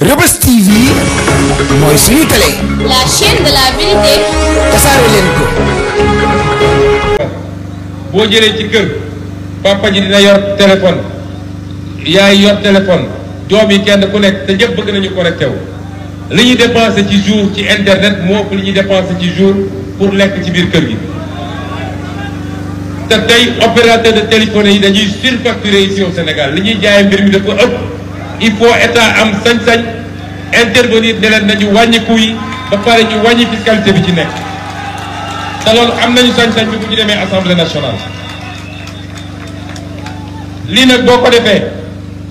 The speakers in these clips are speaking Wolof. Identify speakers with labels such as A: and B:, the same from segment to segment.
A: Reubeuss mooy suñu télé. la chaîne de la vérité. tasaare leen ko. boo jëlee ci kër papa ji dina yor téléphone yaay yor téléphone doom yi kenn ku nekk te ñëpp bëgg nañu connecté wu. li ñuy dépensé ci jour ci internet moo ëpp li ñuy dépensé ci jour pour lekk ci biir kër gi. te tey opérateur de téléphonie yi dañuy surfacturé ici au Sénégal li ñuy jaayee mbir mi dafa ëpp. il faut état am sañ-sañ intervenir ne leen nañu wàññiku yi ba pare ñu wàññi fiscalité bi ci nek da loolu am nañu sañ-sañ bi bu ñu demee assemblée nationale li nak boko défé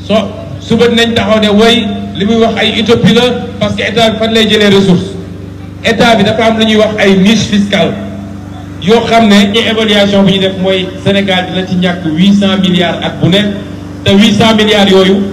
A: so soo suba nañ taxaw né way limuy wax ay utopie la parce que état bi fan lay jëlé ressources état bi dafa am lu ñuy wax ay niche fiscale yo xamné ne évaluation bu ñu def moy Sénégal dina ci ñàkk 800 milliards at bu nekk te 800 milliards yoyu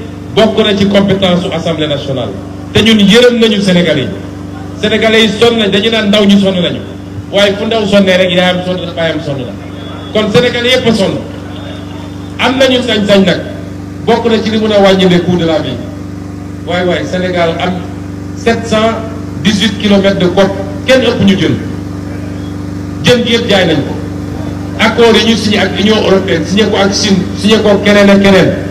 A: bokk na ci compétence u assemblée nationale te ñun yërëm nañu sénégalais yi sénégalais yi sonn nañ dañu naan ndaw ñu sonn nañu waaye fu ndaw sonnee rek yaayam sonn na baayam sonn na kon sénégalais yëpp a sonn am nañu sañ-sañ nag bokk na ci li mun a wàññi le coût de la vie waaye waaye Sénégal am 718 kilomètres de côte kenn ëpp ñu jën jën gi yëpp jaay nañ ko accord yi ñu signé ak Union européenne signé ko ak Chine signé ko keneen a keneen.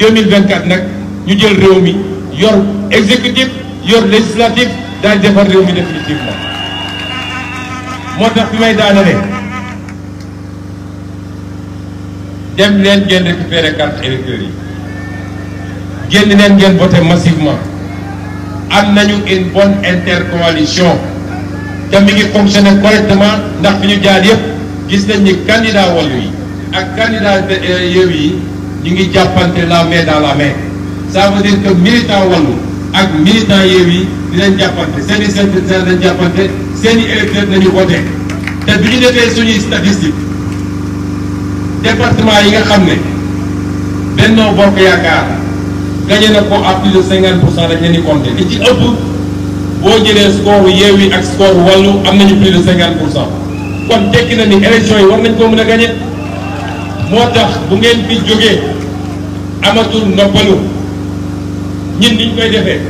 A: 2024 nous ñu jël réew mi yor exécutif yor législatif daal définitivement may dem leen récupérer leen massivement une bonne intercoalition te mi fonctionner correctement Nous avons ñu jaar yëpp gis nañ ni candidat ak ñu ngi jàppante la main dans la main ça veut dire que militant Wallu ak militant Yewwi dinañ jàppante seen i sympathisants dañ jàppante seen i électeurs nañu voté te bi ñu defee suñuy statistique département yi nga xam ne Benno Bokk Yaakaar gagné na ko à plus de cinquante pour cent dañ leen di compté ci ëpp boo jëlee score Yewwi ak score Wallu am nañu plus cinquante pour cent kon tekki na ni élection yi war nañ koo mën a gagné moo tax bu ngeen bi jógee amatul noppalu ñun niñ koy defee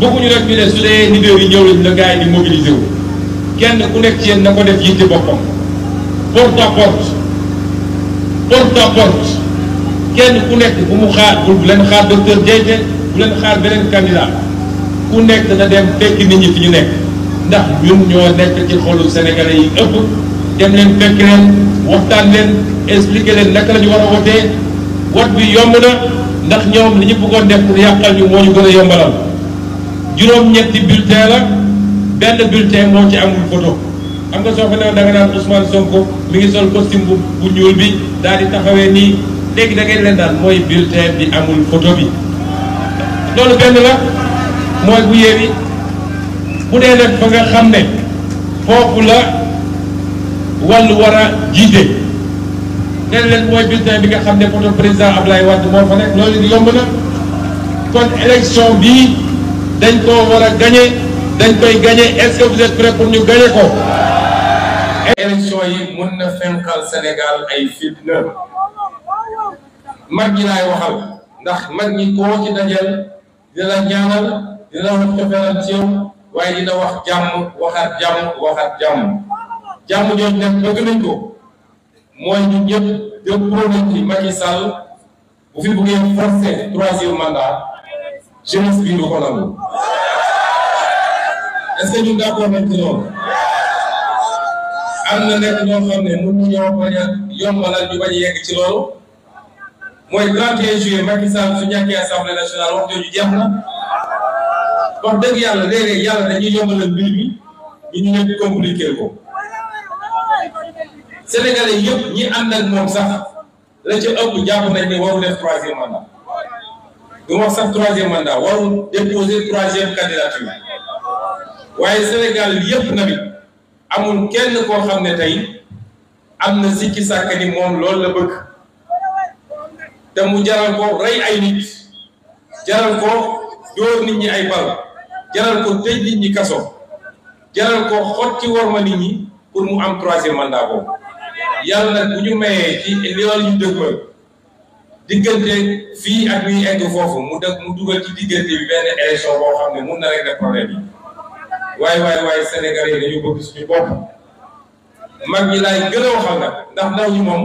A: bëgguñu rek ñu ne su dee leader yi ñëw lañ la gars yi di mobiliser kenn ku nekk ci yéen na ko def ci boppam porte à porte porte à kenn ku nekk bu mu xaar bu leen xaar docteur Dieng bu leen xaar beneen candidat ku nekk da dem fekk nit ñi fi ñu nekk ndax ñun ñoo nekk ci xolu sénégalais yi ëpp. dem leen fekk leen waxtaan leen expliqué leen naka la war a wotee wot bi yomb na ndax ñoom li ñu bëggoon def pour yàqal ñu moo ñu gën a yombalal juróom-ñetti bulletin la benn bulletin moo ci amul nga soo fa newoon da Sonko mi ngi sol costume bu bu ñuul bi daal nii léegi da ngeen leen daan mooy bulletin bi amul photo bi loolu benn la mooy bu yeewi bu dee nag fa nga xam ne foofu la. wàllu war a jiite nee leen mooy bulletin bi nga xam ne poto président Ablaye Wade moo fa nekk loolu yomb na kon élection bii dañ koo war a gagné dañ koy gagné est pour ñu gagné ko. élection yi mën na fenqal Sénégal ay fitna mag ñi laay waxal ndax mag ñi koo ci dajal dina la ñaanal dina la wax cofeelal ci yow waaye dina wax jàmm waxaat jàmm waxaat jàmm. jàmm jooju nag bëgg nañ ko mooy ñun ñëpp dëppoo nañ ci Macky Sall bu fi buggee forcer troisième mandat jeunesse bi du ko nangu est-ce que ñun d'accord nañ ci loolu am na nekk ñoo xam ne mënuñu ñoo bañ a yombalal ñu bañ a yegg ci loolu mooy 31 juillet Macky Sall su ñàkkee assemblée nationale wax jooju jeex na wax dëgg yàlla léeg-léeg yàlla dañuy yombalal mbir mi ñu ñu ñëpp compliqué ko. sénégalais yëpp ñi ànd ak moom sax la ca ëpp jàpp nañ ne waru def troisième mandat du wax sax troisième mandat waru déposer troisième candidature waaye Sénégal yëpp nag amul kenn koo xam ne tey am na sikki sàkk ni moom loolu la bëgg te mu jaral ko rey ay nit jaral ko dóor nit ñi ay bal jaral ko tëj nit ñi kaso jaral ko xot ci worma nit ñi pour mu am troisième mandat boobu yàlla nag bu ñu mayee ci loolu ñu dëgmal diggante fii ak ñuy egg foofu mu dëkk mu dugal ci diggante bi benn élection boo xam ne mun na régler problème yi waaye waaye waaye Sénégalais yi dañu bëgg suñu bopp mag ñi laay gën a waxal nag ndax ndaw ñi moom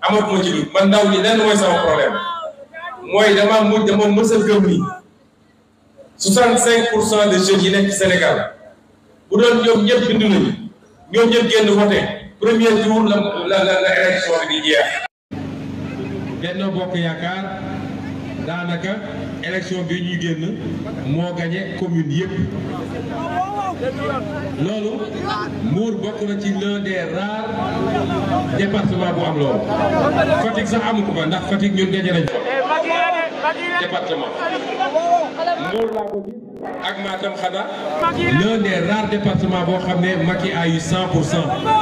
A: amatuma ci lu man ndaw ñi lenn mooy sama problème mooy dama mujj dama mës a gëm ni 65 pour cent de jeunes yi nekk ci Sénégal bu doon ñoom ñëpp bindu nañu ñoom ñëpp génn voté. premier jour la la la élection bi di jeex. Benno Bokk yakar daanaka élection bi ñuy génn mo gagné commune yépp lolu mour bokk na ci l'un des rares département bu am loolu fatik sax amu ko fa ndax fatik ñun gagné nañ département Mbour laa ko gis ak Matam Xada l'un des rares département bo xam maki Macky a eu 100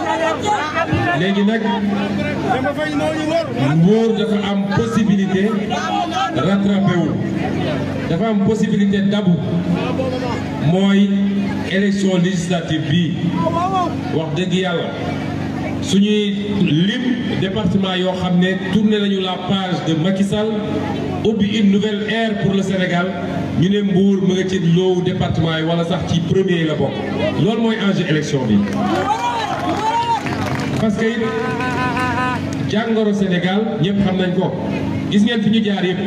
A: léegi nag wor dafa am possibilité rattrapé wu dafa am possibilité dabu moy élection législative bi wax dëgg yàlla suñuy lim département yo xamné tourner lañu la page de Macky Sall ubbi une nouvelle ère pour le Sénégal ñu ne Mbour mu nga ci loowu département yi wala sax ci premier la bokk lool moy enjeu élection bi. parce que jàngoro Sénégal ñëpp xam nañ ko gis ngeen fi ñu jaar yëpp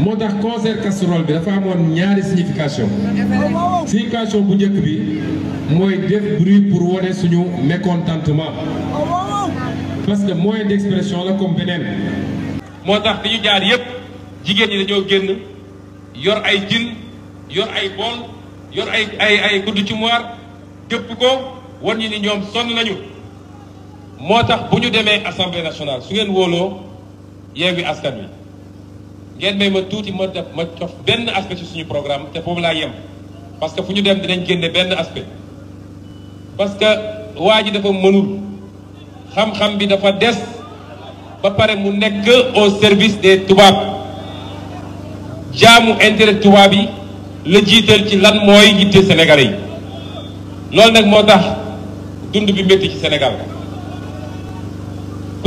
A: moo tax concert casserole bi dafa amoon ñaari signification signification bu njëkk bi mooy def bruit pour wane suñu mécontentement parce que moyen d'expression la comme beneen moo tax dañu jaar yëpp jigéen ñi dañoo génn yor ay jin yor ay bool yor ay ay ay gudd ci moir dëpp ko wan ñi ni ñoom sonn nañu moo tax bu ñu demee assemblée nationale su ngeen wóoloo Yewwi Askan Wi ngeen may ma tuuti ma def ma cof benn aspect suñu programme te foofu laa yem parce que fu ñu dem dinañ génne benn aspect parce que waa ji dafa mënul xam-xam bi dafa des ba pare mu nekk au service des tubaab jaamu intérêt tubaab yi la jiital ci lan mooy yitte Sénégalais yi loolu nag moo tax dund bi métti ci Sénégal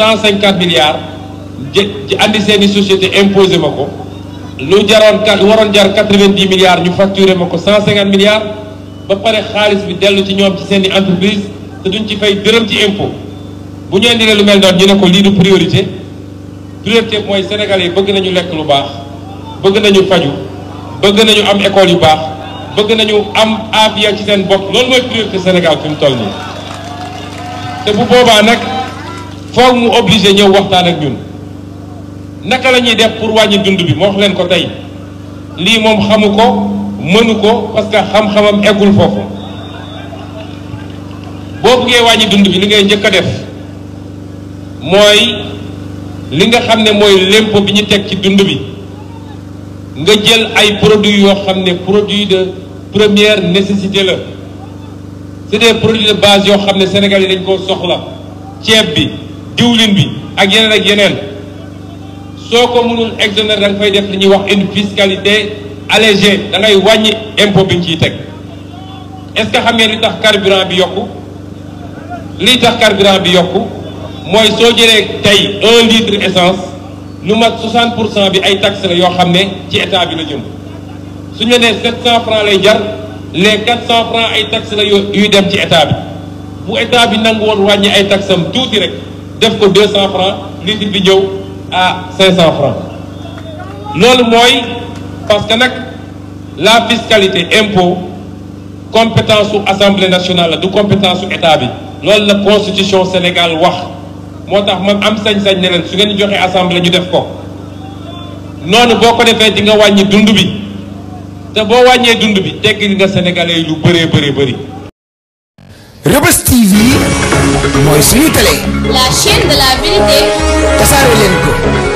A: 150 milliards ci andi seen société imposé ma ko lu milliards ñu facturé ma ko milliards ba pare xaalis bi dellu ci ñoom ci seen entreprise te duñ ci fay dërëm ci bu lu mel priorité Sénégalais yi bëgg nañu lu baax bëgg nañu faju bëgg école yu baax bëgg nañu am ci priorité Sénégal faw mu obligé ñëw waxtaan ak ñun naka lañuy def pour wañi dund bi mo wax len ko tay li mom xamuko mënuko parce que xam-xamam égul fofu bo buggee wañi dund bi li ngay def moy li nga xamne moy bi ñu tek ci dund bi nga jël ay produits yo xamne produits de première nécessité la c'est des produits de base yo xamne sénégalais dañ ko soxla ceeb bi diwlin bi ak yeneen ak yeneen soo ko mënul exonérer da nga fay def li ñuy wax une fiscalité allégée da ngay wàññi impôt bi ñu ciy teg est-ce que xam ngeen li tax carburant bi yokk li tax carburant bi yokk mooy soo jëlee tey un litre essence lu mat 60 pour cent bi ay taxes la yoo xam ne ci état bi la jëm su ñu nee 700 francs lay jar les cent francs ay taxes la yuy dem ci état bi bu état bi nangu woon wàññi ay taxam tuuti rek. D'efco 200 francs l'individu bi à 500 francs loolu mooy parce que la fiscalité impôt compétence su assemblée nationale la du compétence la constitution Sénégal wax moo man am sañ-sañ ne su assemblée di nga dund bi dund bi nga sénégalais mooy suñu télé. la chaîne de la vérité. tasaare leen ko.